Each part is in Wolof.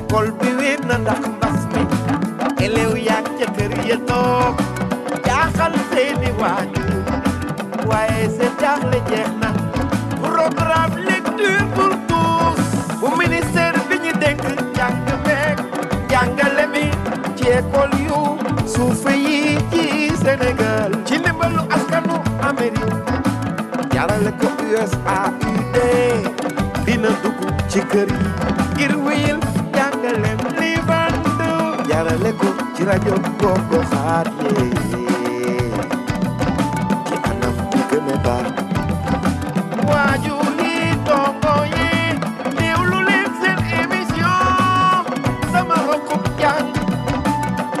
école bi wéet na ndax mbas mi elew yaag ca kër ya toog jaaxal seeni waajur waaye seen jaaxle jeex na programme lecture pour bu ministère bi ñu dénk njàng meeg njàngale mi ci école yu suufe yi ci Sénégal ci ndimbalu askanu Amérique jarale ko USAID dina dugg ci kër yi ngir Ngalam Livandu jaarale ko ci rajo gox-goxaat yi ci anam bu gën a baax. waajur yi dongo yi déglu leen seen émission sama rokkub jàng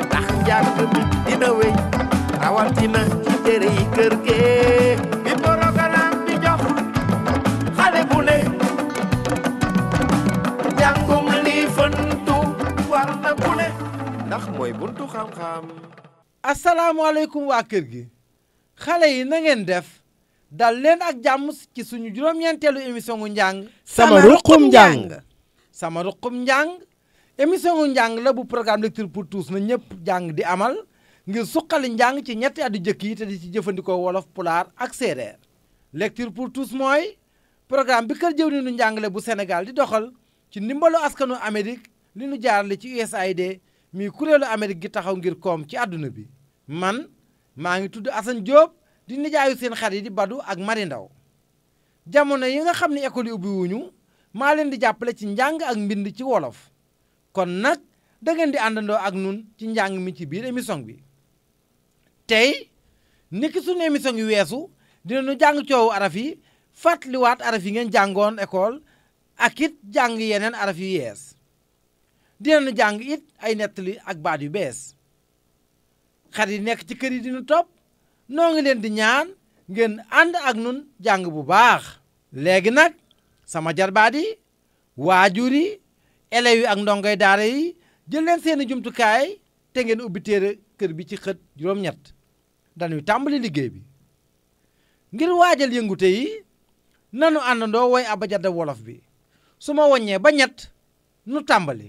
ndax njàng bi dina wéy rawatina ci tere kër gi. xam-xam waa kër gi xale yi na ngeen def dal leen ak jàmm ci suñu juróom-ñeenteelu émission gu njàng sama ruqum njàng sama ruqum njàng émission gu njàng la bu programme lecture pour tous na ñëpp jàng di amal ngir suqali njàng ci ñetti addu jëkk yi te di ci jëfandikoo wolof pulaar ak séeréer lecture pour tous mooy programme bi kër jëw ni nu njàngale bu senegal di doxal ci ndimbalu askanu Amérique li nu jaarale ci USAID mii kuréelu Amérique gi taxaw ngir koom ci àdduna bi man maa ngi tudd Assane Diop di nijaayu seen xar yi di Badou ak Mari Ndaw jamono yi nga xam ne école yi ubbi maa leen di jàppale ci njàng ak mbind ci wolof kon nag da ngeen di àndandoo ak nun ci njàng mi ci biir émission bi tey niki sunu émission yu weesu dina dinañu jàng coowu araf yi fàttaliwaat araf yi ngeen jàngoon école ak it jàng yeneen araf yu yees dinañu jàng it ay nettali ak baat yu bees xar yi nekk ci kër yi dinu topp noo ngi leen di ñaan ngeen ànd ak nun jàng bu baax léegi nag sama jarbaat yi waajur yi élèves yi ak ndongoy daara yi jël leen seeni jumtukaay te ngeen ubbi téere kër bi ci xët juróom-ñett dañuy tàmbali liggéey bi ngir waa waajal yëngute yi nanu àndandoo woy abajada wolof bi su ma woññee ba ñett nu tàmbali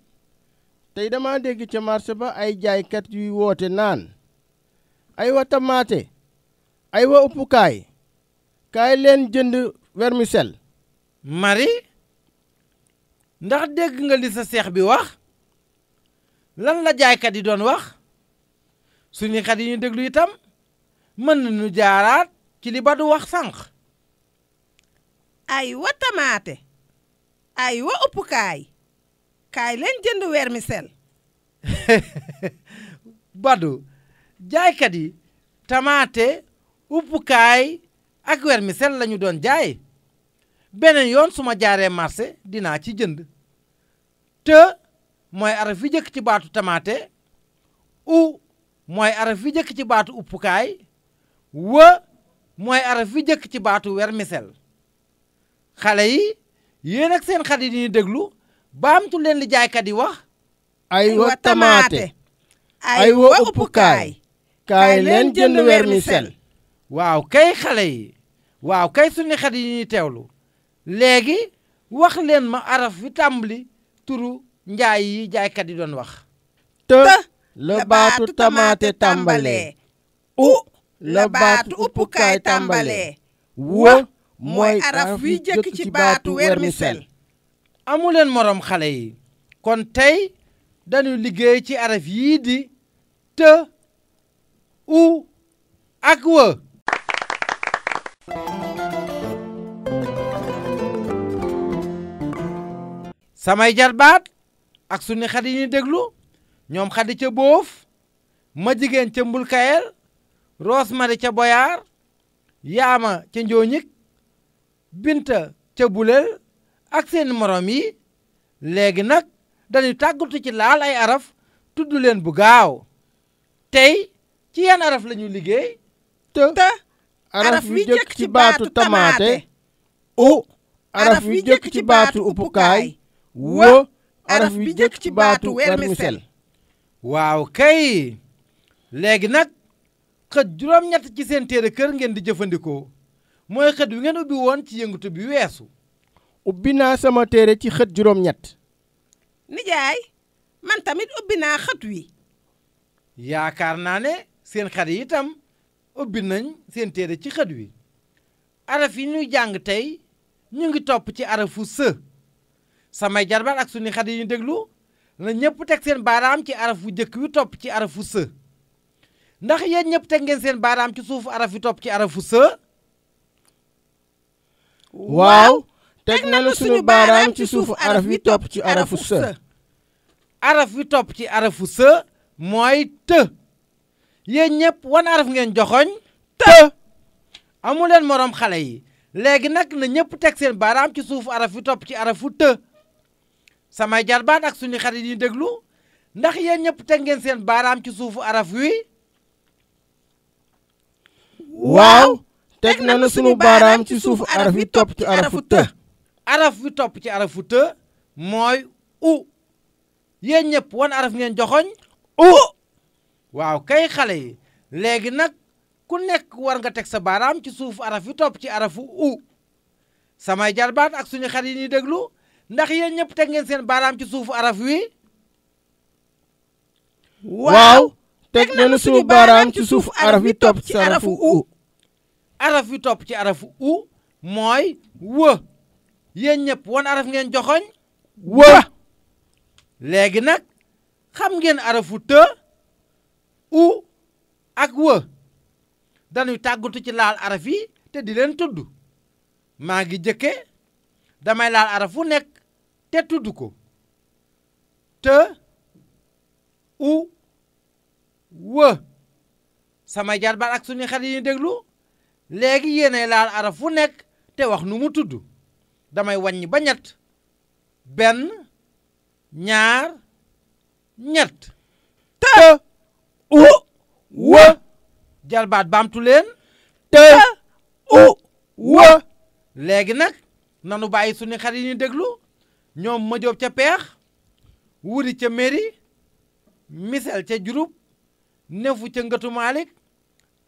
tey dama dégg ca marché ba ay jaaykat yuy woote naan ay wa tamaate ay wa uppukaay kaay leen jënd vermicelle mari ndax dégg nga li sa seex bi wax lan la jaaykat yi doon wax suñu xat yi ñu déglu itam mën nañu jaaraat ci li ba du wax sànq ay wa tamaate ay wa uppukaay kaay leen jënd weer mi sel Badou yi tamaate uppukaay ak weer lañu doon jaay beneen yoon su ma jaaree marché dinaa ci jënd te mooy araf yi ci baatu tamaate u mooy araf yi jëkk ci baatu uppukaay wa mooy araf yi jëkk ci baatu wermisel xale yi yéen ak seen xarit yi ñuy déglu baamtu leen li jaaykat yi wax. ay wa tamaate ay wa uppukaay kaay leen jënd vermicelle. waaw kay xale yi waaw kay suñu xet yi ñuy teewlu léegi wax leen ma araf bi tàmbali turu njaay yi jaaykat yi doon wax. te la baatu tamaate tàmbalee. u la baatu uppukaay tàmbalee. wa mooy araf wi jëkk ci baatu vermicelle. amuleen moroom xale yi kon tey dañu liggéey ci araf yii di të u ak wë samay jarbaat ak sunu xadi yi ñu déglu ñoom xadi ca boof ma jigéen ca mbulkayel rosemary ca boyaar yaama ca njooñik binta ca bulel ak seen moroom yi léegi nag dañu tàggatu ci laal ay araf tudd leen bu gaaw tey ci yan araf la liggéey te araf yu jëkk ci baatu tamaate u araf yu jëkk ci baatu uppukaay wo araf yu jëkk ci baatu wermisel waaw kay léegi nag xët juróom-ñett ci seen téere kër ngeen di jëfandikoo mooy xët wi ngeen ubbi woon ci yëngatu bi weesu ubbi naa sama téere ci xët juróom-ñett. nijaay man tamit ubbi naa xët wi. yaakaar naa ne seen xat yi itam ubbi nañ seen téere ci xët wi. araf yi ñuy jàng tey ñu ngi topp ci arafu së. samay jarbaat ak suñu xat yi ñu déglu na ñëpp teg seen baaraam ci araf wu jëkk wi topp ci arafu së. ndax yéen ñëpp teg ngeen seen baaraam ci suufu araf wi topp ci arafu së. waaw. teg nañu suñu baaraam ci suufu araf wi topp ci arafu së araf wi topp ci arafu së mooy të yéen ñëpp wan araf ngeen joxoñ të leen moroom xale yi léegi nag na ñëpp teg seen baaraam ci suufu araf wi topp ci arafu të samay jarbaat ak suñu xarit yi déglu ndax yéen ñëpp teg ngeen seen baaraam ci suufu araf wi waaw teg nañu suñu baaraam ci suufu araf wi topp ci arafu të araf wi topp ci arafu të mooy u yéen ñëpp wan araf ngeen joxoñ u waaw kay xale yi léegi nag ku nekk war nga teg sa baaraam ci suuf araf bi topp ci arafu u samay jarbaat ak suñu xar yi ñuy déglu ndax yéen ñëpp teg ngeen seen baaraam ci suufu araf wi waaw teg nañu suñu baaraam ci suuf araf wi topp ci arafu u araf wi topp ci arafu u mooy wë yéen ñëpp wan araf ngeen joxoñ wa léegi nag xam ngeen arafu të u ak wë dañuy tàggatu ci laal araf yi te di leen tudd maa ngi jëkke damay laal araf wu nekk te tudd ko të u wë sama jarbaat ak suñu xarit yi déglu léegi yéenay laal araf wu nekk te wax nu mu tudd damay wàññi ba ñett benn ñaar ñett te u wa jalbaat baamtu leen te u wa léegi nag nanu bàyyi suñu xar yi ñu déglu ñoom mëjoob ca peex wuri ca meri misel ca jurub nefu ca ngëtu maalik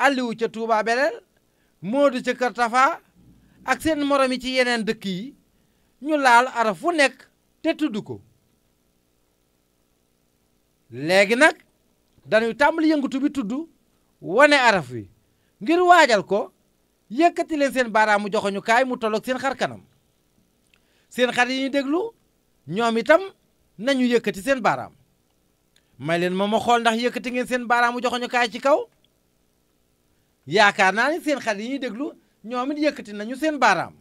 aliwu ca tuuba beleel moodu ca kër tafa ak seen moroom yi ci yeneen dëkk yi ñu laal araf fu nekk te tudd ko léegi nag dañuy tàmbali yëngatu bi tudd wane araf yi ngir waajal ko yëkkati leen seen baaraamu joxoñu kaay mu tollook seen xar kanam seen xar yi ñu déglu ñoom itam nañu yëkkati seen baaraam may leen ma ma xool ndax yëkkati ngeen seen baaraamu joxoñu kaay ci kaw yaakaar naa ni seen xar yi ñuy déglu ñoom it yëkkati nañu seen baaraam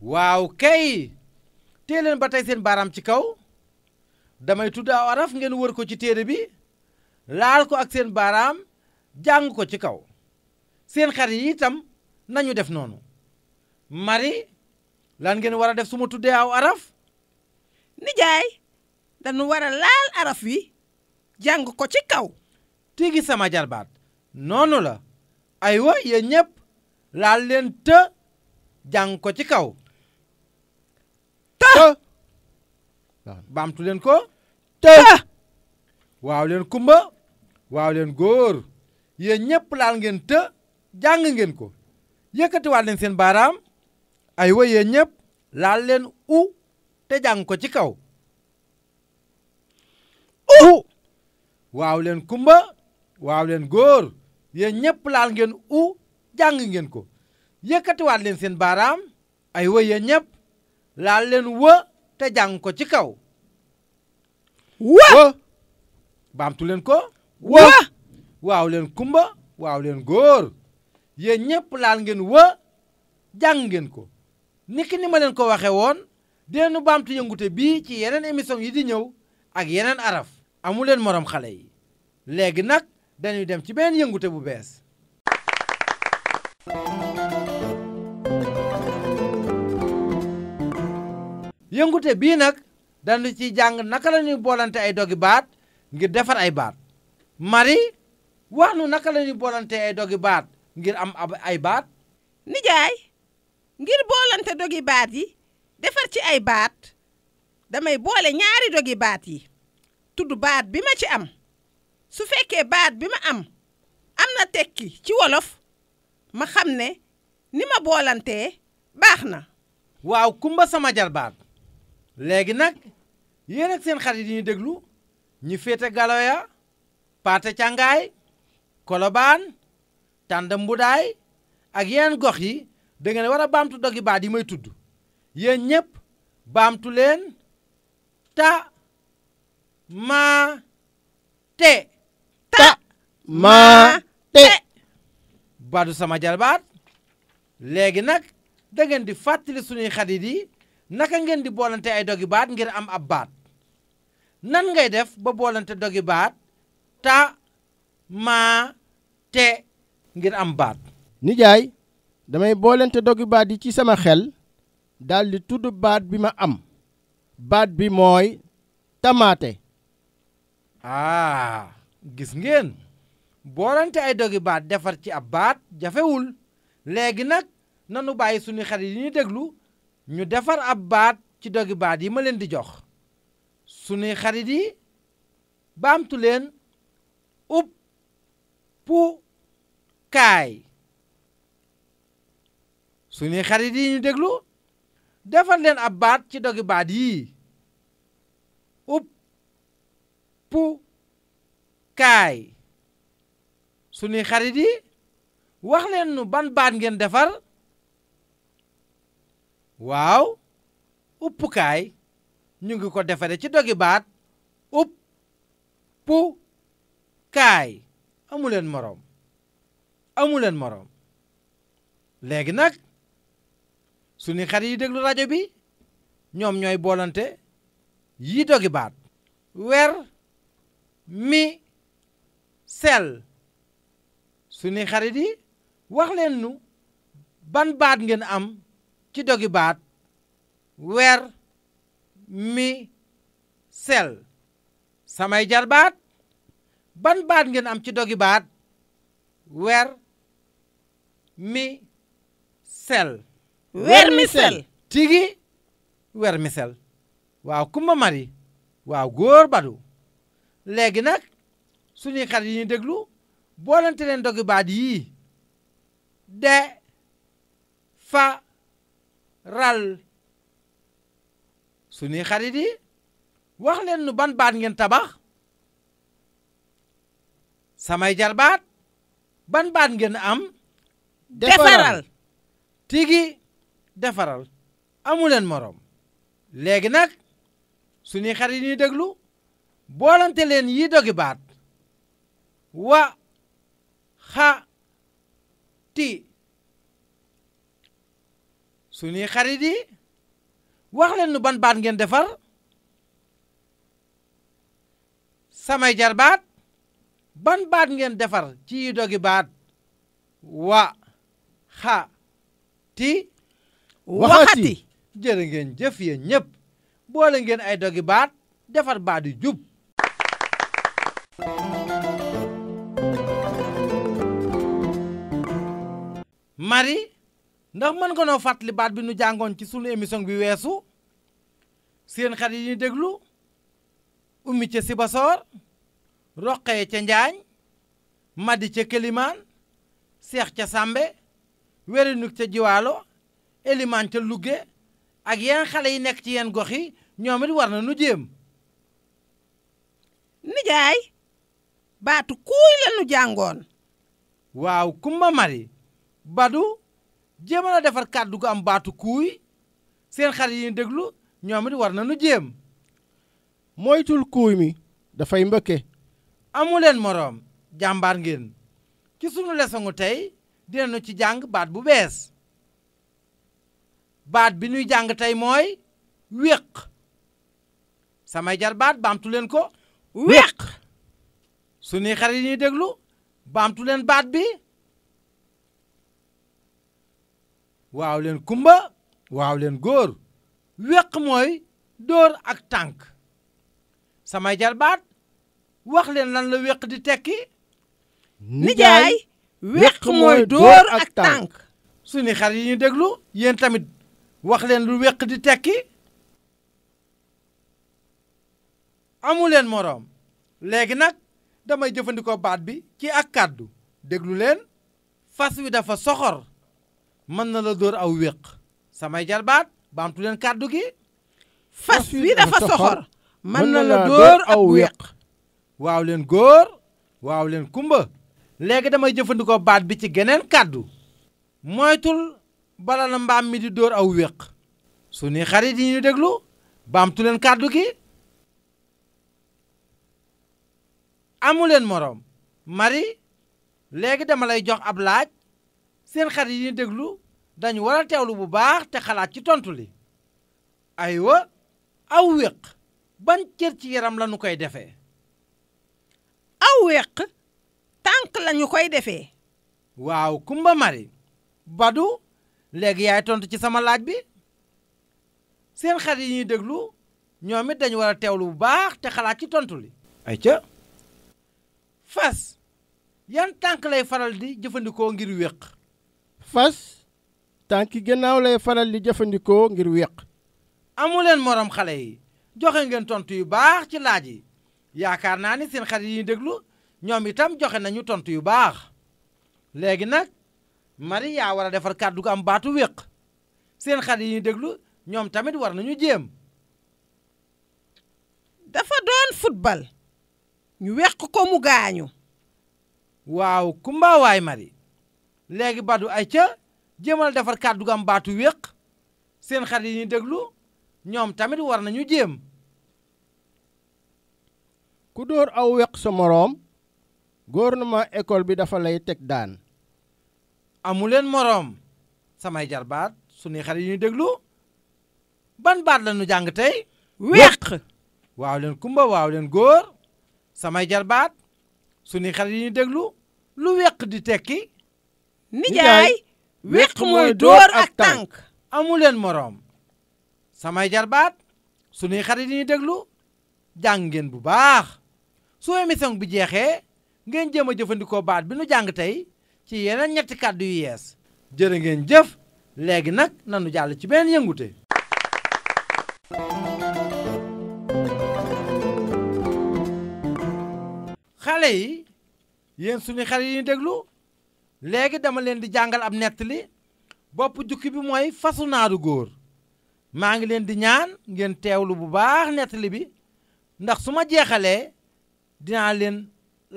waaw kay teeleen ba tey seen baaraam ci kaw damay tudd aw araf ngeen wër ko ci téere bi laal ko ak seen baaraam jàng ko ci kaw seen xar yi itam nañu def noonu mari lan ngeen war a def su ma tuddee aw araf nijaay dañu war a laal araf wi jàng ko ci kaw tigi sama jarbaat noonu la aywa yéen ñëpp laal leen të jàng ko ci kaw të leen ko të waaw leen kumba waaw leen góor yéen ñëpp laal ngeen të jàng ngeen ko yëkkatiwaat leen seen baaraam aywa yéen ñëpp laal leen u te jàng ko ci kaw u waaw leen kumba waaw leen góor yéen ñëpp laal ngeen u jàng ngeen ko yëkkatiwaat leen seen baaraam ay wa yéen ñëpp laal leen wë te jàng ko ci kaw wa baamtu leen ko wa waaw leen kumba waaw leen góor yéen ñëpp laal ngeen wë jàng ngeen ko niki ni ma leen ko waxe woon dinañu baamtu yëngute bii ci yeneen émission yi di ñëw ak yeneen araf amu leen moroom xale yi léegi nag dañuy dem ci beneen yëngute bu bees. yëngute bii nag dañu ciy jàng naka la ñuy boolante ay dogi baat ngir defar ay baat Marie wax nu naka lañuy boolante ay dogi baat ngir am ay baat. nijaay ngir boolante dogi baat yi defar ci ay baat damay boole ñaari dogi baat yi tudd baat bi ma ci am. su fekkee baat bi ma am am na tekki ci wolof ma xam ne ni ma boolantee baax na waaw kumba sama jarbaat léegi nag yéen ak seen xarit yi ñu déglu ñi féete galoya paate càngaay kolobaan tànd mbudaay ak yeneen gox yi da ngeen war a baamtu doggi baat yi may tudd yéen ñépp baamtu ta ma tee ta ma te badu sama jarbaat léegi nag da di fàttali suñuy xarit yi naka ngeen di boolante ay dogi baat ngir am ab baat nan ngay def ba boolante dogi baat ta ma te ngir am baat nijaay damay boolente dogi baat yi ci sama xel daldi tudd baat bi ma am baat bi mooy tamaate aa ah. gis ngeen boolante ay dogi baat defar ci ab baat jafewul léegi nag nanu bàyyi suñu xel yi ñuy déglu ñu defar ab baat ci dogi baat yi ma leen di jox sunuy xarit yi baamtu leen up pu kaay sunuy xarit yi ñu déglu defar leen ab baat ci dogi baat yii up pu kaay suñuy xarit yi wax leen nu ban baat ngeen defar waaw upp kaay ñu ngi ko defare ci dogi baat upp pu kaay amuleen moroom amuleen moroom léegi nag sunuy xarit yi déglu rajo bi ñoom ñooy boolante yi dogi baat wer mi sel su suñuy xarit yi wax leen nu ban baat ngeen am ci dogi baat weer mi sell samay jarbaat ban baat ngeen am ci dogi baat weer mi sel weer mi sell tigi weer mi sell waaw kumba mari waaw góor badu léegi nag suñuy xar yi ñu déglu boolante leen doggi baat yii de fa ral suñuy xarit yi waxleen leen nu ban baat ngeen tabax samay jarbaat ban baat ngeen am defaral tigi defaral amuleen moroom léegi nag suñuy xarit yi ñuy déglu boolante leen yi dogi wa xa ti suñuy xarit yi wax leen ban baat ngeen defar samay jarbaat ban baat ngeen defar ci yi dogi baat wa xa ti waxati jërë ngeen jëf yéen ñëpp boole ngeen ay dogi baat defar baat yu jub Marie ndax mën nga noo fàttali baat bi nu jàngoon ci sunu émission bi weesu seen xarit yi ñu déglu ummi ca Sibasoor roqee ca Njaañ Madi ca Kélimaan Seex ca Sàmbe werinuk ca Jiwaalo Elimaan ca Lugge ak yenn xale yi nekk ci yenn gox yi ñoom it war na nu jéem nijaay baatu kuuy la nu jàngoon waaw kumba Mari badu jéem a defar kàddu gu am baatu kuuy seen xarit yi ñu déglu ñoom it war nañu jéem moytul kuuy mi dafay mbëkke amuleen moroom jàmbaar ngeen ci sunu lesoŋu tey dinañu ci jàng baat bu bees baat bi ñuy jàng tey mooy wéq samay jar baat baamtu leen ko wéq sunuy xarit yi ñuy déglu baamtu leen baat bi waaw leen kumba waaw leen góor weq mooy dóor ak tànk samay jarbaat waxleen leen lan la weq di tekki nijaay weq mooy dóor ak tànk suñu xar yi ñu déglu yéen tamit wax leen lu weq di tekki amu leen moroom léegi nag damay jëfandikoo baat bi ci ak kàddu déglu leen fas wi dafa soxor mën na la dóor aw wéq samay jarbaat baamtu leen kàddu gi fas wi dafa soxor mën na la dóor aw wéq waaw leen góor waaw leen kumba léegi damay jëfandikoo baat bi ci geneen kàddu moytul bala la mbaam mi di dóor aw wéq suñuy xarit yi ñu déglu baamtu leen kàddu gi amuleen moroom mari léegi dama lay jox ab laaj seen xarit yi ñu déglu dañu war a teewlu bu baax te xalaat ci tontu li aywa aw wéq ban cër ci yaram lañu koy defee aw wéq tànk lañu koy defee waaw kumba mari badu léegi yaay tontu ci sama laaj bi seen xarit yi ñuy déglu ñoom it dañu war a teewlu bu baax te xalaat ci tontu li ay ca fas yan tànk lay faral di jëfandikoo ngir wéq tànki gannaaw lay faral di jëfandikoo ngir wéq amu leen moroom xale yi joxe ngeen tontu yu baax ci laaj yi yaakaar naa ni seen xarit yi déglu ñoom itam joxe nañu tontu yu baax léegi nag mari yaa war a defar kàddu am baatu wéq seen xarit yi déglu ñoom tamit war nañu jéem dafa doon football ñu weq ko mu gaañu waaw kumba mari léegi badu ay ca jéemal defar kàddu gu am baatu wéq seen xarit yi ñu déglu ñoom tamit war nañu jéem ku dóor aw weq sa moroom góor gouvernement école bi dafa lay teg daan amuleen moroom samay jarbaat sunuy xarit yi ñu déglu ban baat la ñu jàng tey weq waaw leen kumba waaw leen góor samay jarbaat sunuy xarit yi ñu déglu lu weq di tekki nijaay wéq mooy dóor ak tànk amuleen moroom samay jarbaat sunuy xarit yi déglu jàng ngeen bu baax su émission bi jeexee ngeen jéem a jëfandikoo baat bi nu jàng tey ci yeneen ñetti kàddu yu yees jërë ngeen jëf léegi nag nanu jàll ci benn yëngute xale yi yéen sunuy xarit yi déglu léegi dama leen di jàngal ab nettali boppu jukki bi mooy fasu naaru góor maa ngi leen di ñaan ngeen teewlu bu baax nettali bi ndax su ma jeexalee dinaa leen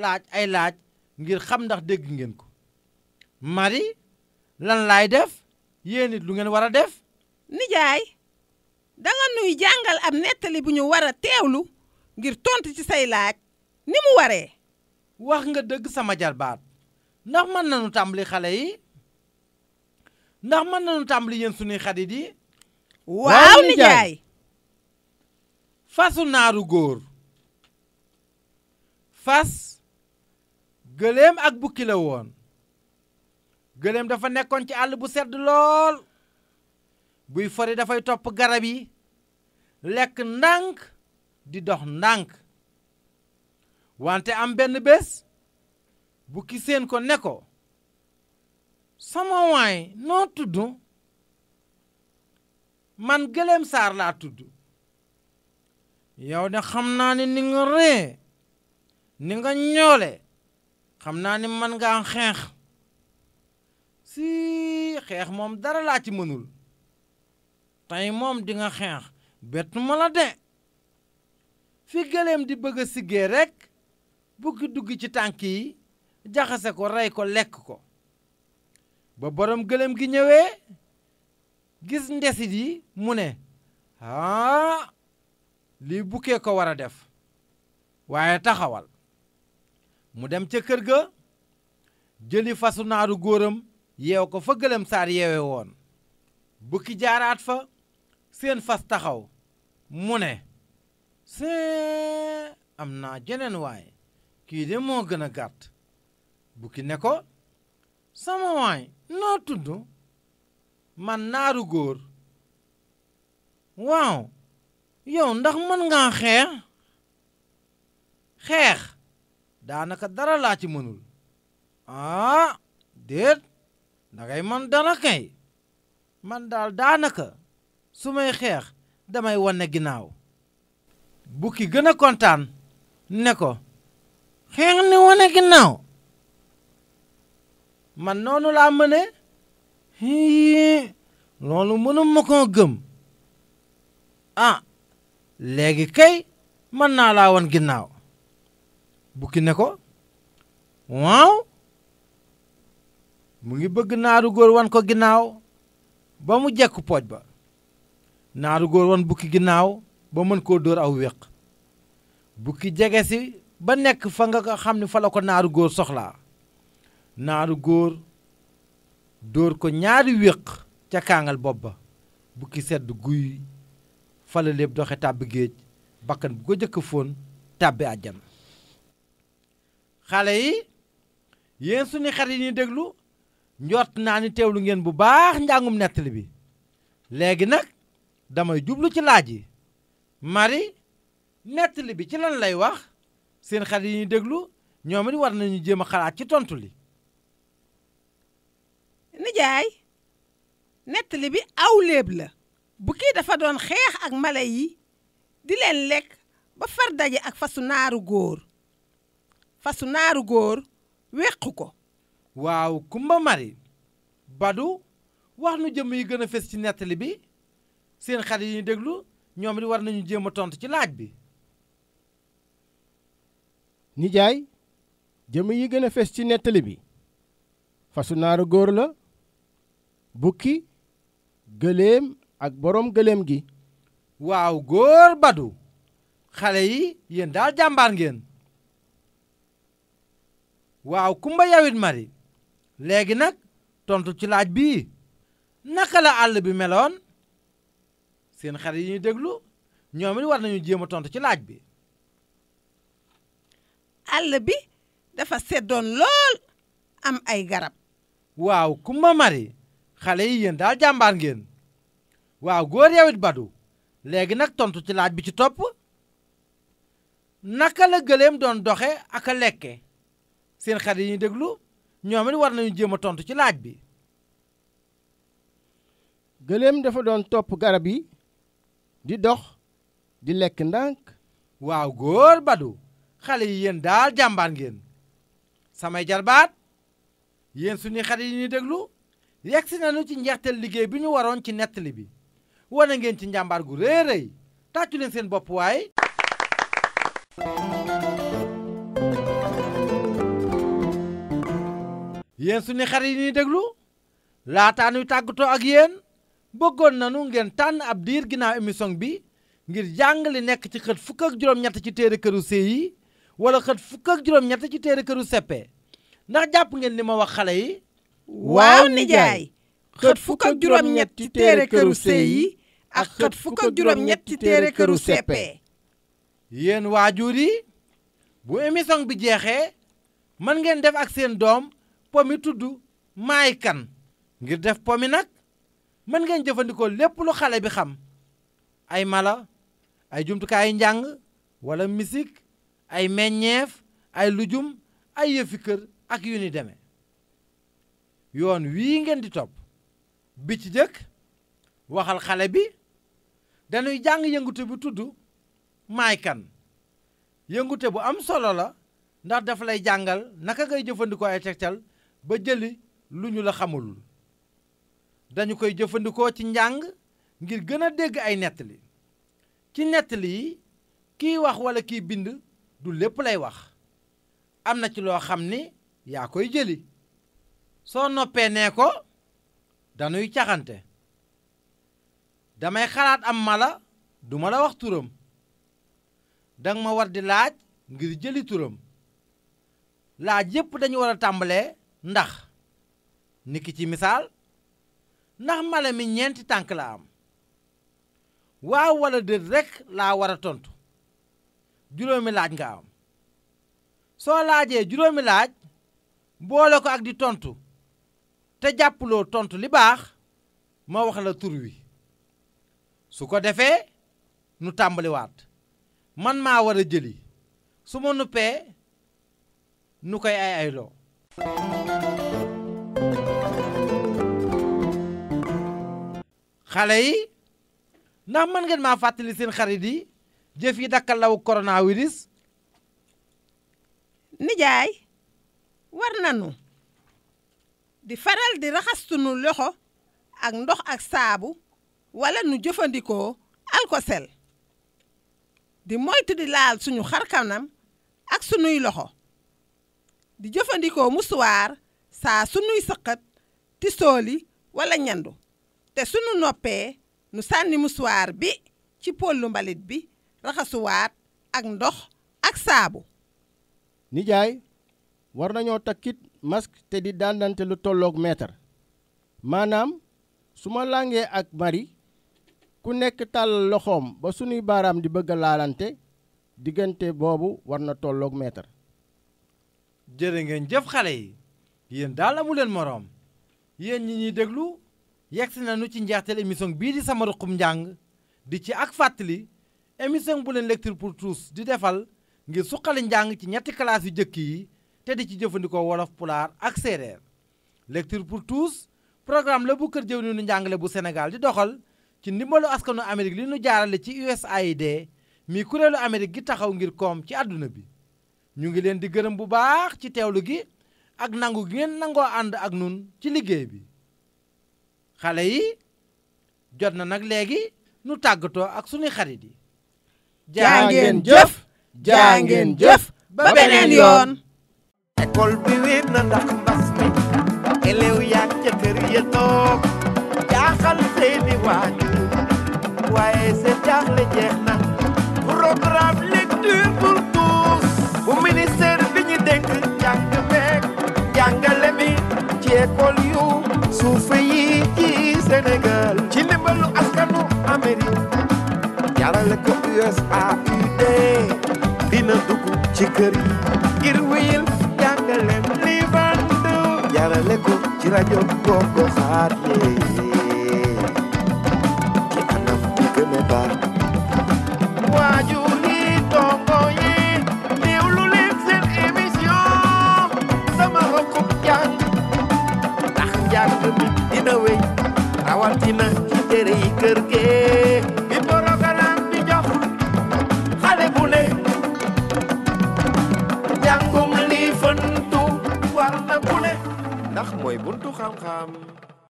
laaj ay laaj ngir xam ndax dégg ngeen ko Marie lan laay def yéen it lu ngeen war a def nijaay danga nuy jàngal ab nettali bu ñu war a teewlu ngir tontu ci say laaj ni mu waree wax nga dëgg sama jarbaat ndax mën nañu tàmbali xale yi ndax mën nañu tàmbali yéen sunuy xarit yi waaw nijaay fasu naaru góor fas gëléem ak bukki la woon gëléem dafa nekkoon ci àll bu sedd lool buy fori dafay topp garab yi lekk ndànk di dox ndànk wante am benn bés bukki séen ko ne ko sama waay noo tudd man gëléem saar laa tudd yow de xam naa ni ni nga ree ni nga ñoole xam naa ni man ngaa xeex si xeex moom dara laa ci mënul tey moom dinga xeex bettu ma la de fi gëléem di bëgg a siggee rekk bukki dugg ci tànk yi jaxase ko rey ko lekk ko ba borom gëlëm gi ñëwee gis ndesit yi mu ne ah lii bukkee ko war a def waaye taxawal mu dem ca kër ga jëli fasu naaru góoram yeew ko fa gëlëm saar yeewe woon bukki jaaraat fa seen fas taxaw mu ne see am naa jeneen waaye kii de moo gën a gàtt bukki ne ko sama waay noo tudd man naaru góor waaw yow ndax man ngaa xeex xeex daanaka dara laa ci mënul ah déet dangay man dara kay man daal daanaka su may xeex damay wane ginnaaw bukki gën a kontaan ne ko xeex ni wane ginnaaw man noonu laa mëne loolu mënuma koo gëm ah léegi kay mën naa laa woon ginnaaw bukki ne ko waaw mu ngi bëgg naaru góor wan ko ginnaaw ba mu jekk pooj ba naaru góor wan bukki ginnaaw ba mën koo dóor aw wéq bukki jege si ba nekk fa nga xam ne fa la ko naaru góor soxlaa naaru góor dóor ko ñaari wéq ca kaangal bopp ba bukki sedd guy fala lépp doxe tàbbi géej bakkan bu ko jëkk fóon tàbbi àjjana xale yi yéen suñu xarit yi déglu njort naa ni teewlu ngeen bu baax njàngum nettali bi léegi nag damay jublu ci laaj yi mari nettali bi ci lan lay wax seen xarit yi déglu ñoom it war nañu jéem a xalaat ci tontu li nijaay nettali bi aw léeb la bukki dafa doon xeex ak mala yi di leen lekk ba far daje ak fasu naaru góor fasu naaru góor wequ ko waaw kumba mari badu wax nu jëm yi gën a fes ci nettali bi seen xarit yi ñu déglu ñoom it war nañu jéem a tontu ci laaj bi nijaay jëm yi gën a fes ci nettali bi fasu naaru góor la bukki gëléem ak boroom gëléem gi waaw góor badu xale yi yéen daal jàmbaar ngeen waaw kumba yawit mari léegi nag tontu ci laaj bi naka la àll bi meloon seen xale yi ñuy déglu ñoom it war nañu jéem a tontu ci laaj bi àll bi dafa seddoon lool am ay garab waaw kumba mari xale yi yéen daal jàmbaar ngeen waaw góor yow it badu léegi nag tontu ci laaj bi ci topp naka la gëléem doon doxe ak a lekke seen xarit yi ñuy déglu ñoom it war nañu jéem a tontu ci laaj bi gëléem dafa doon topp garab yi di dox di lekk ndànk waaw góor badu xale yi yéen daal jàmbaar ngeen samay jarbaat yéen suñuy xarit yi ñuy déglu yegsi nañu ci njeexteel liggéey bi ñu waroon ci nettali bi wane ngeen ci njàmbaar gu rëy rëy tàccu leen seen bopp waaye. yéen suñu xar yi ñuy déglu laataa ñuy tàggatoo ak yéen bëggoon nanu ngeen tànn ab diir ginnaaw émission bi ngir jàng li nekk ci xët fukk ak juróom-ñett ci téere këru CI wala xët fukk ak juróom-ñett ci téere këru CP ndax jàpp ngeen li ma wax xale yi. waaw nijaay xët fukk ak juróom-ñett ci téere këru sëy yi ak xët fukk ak juróom-ñett ci téere këru seppe yéen waajur yi bu émission bi jeexee mën ngeen def ak seen doom po mi tudd maay kan ngir def po mi nag mën ngeen jëfandikoo lépp lu xale bi xam ay mala ay jumtukaayu njàng walla misik ay meññeef ay lujum ay yëfi kër ak yu ni demee yoon wii ngeen di topp bi ci jëkk waxal xale bi dañuy jàng yëngute bu tudd maay kan yëngute bu am solo la ndax dafa lay jàngal naka ngay jëfandikoo ay tegtal ba jëli lu ñu la xamul dañu koy jëfandikoo ci njàng ngir gën a dégg ay nettali ci nettali yi kiy wax walla kiy bind du lépp lay wax am na ci loo xam ni yaa koy jëli soo noppee nee ko danuy caxante damay xalaat am mala du ma la wax turam danga ma war di laaj ngir jëli turam laaj yépp dañu war a tàmbalee ndax niki ci misaal ndax mala mi ñeenti tànk la am waaw wala déet rekk laa war a tontu juróomi laaj nga am soo laajee juróomi laaj boole ko ak di tontu te jàppuloo tontu li baax ma wax la tur wi su ko defee nu tàmbaliwaat man maa war a jëli su ma nuppee nu koy ay ay xale yi ndax mën ngeen maa fàttali seen xarit yi jëf yi dakkal law coronavirus nijaay war nanu di faral di raxas sunu loxo ak ndox ak saabu wala nu jëfandikoo alkosel di moytu di laal suñu xar kanam ak sunuy loxo di jëfandikoo musuwaar saa sunuy sëqat ti walla wala ñandu te sunu noppee nu sànni musuwaar bi ci pollu mbalit bi raxasuwaat ak ndox ak saabu nijaay war nañoo takkit masque te di dandante lu tolloog mètre maanaam su ma làngee ak mari ku nekk tàllal loxoom ba sunuy baaraam di bëgg laalante diggante boobu war na tolloog mètre jëre ngeen jëf xale yi yéen daal amuleen moroom yéen ñi ñuy déglu yegsi nañu ci njeexteel émission bii di sama ruqum njàng di ci ak fàttali émission bu leen lecture pour tous di defal ngir suqali njàng ci ñetti classe yu jëkk yi te di ci jëfandikoo wolof pulaar ak séeréer lecture pour tous programme la bu kër jëw ni nu njàngale bu Sénégal di doxal ci ndimbalu askanu Amérique li nu jaarale ci USAID mi kuréelu Amérique gi taxaw ngir koom ci àdduna bi ñu ngi leen di gërëm bu baax ci teewlu gi ak nangu gi ngeen nangoo ànd ak nun ci liggéey bi xale yi jot na nag léegi nu tàggatoo ak suñuy xarit yi jaa ngeen jëf jaa ngeen jëf ba beneen yoon école bi wéet na ndax mbas mi élèves yaa ca kër ya toog jaaxal seeni waajur waaye seen jaaxle jeex na programme lecture pour bu ministère bi ñu dénk njàng meek njàngale mi ci école yu suufe yi ci Sénégal ci ndimbalu askanu Amérique jarale ko USAID dina dugg ci kër yi ngir jàllale ci rajo gox-goxaat anam bi gën a ข้ามค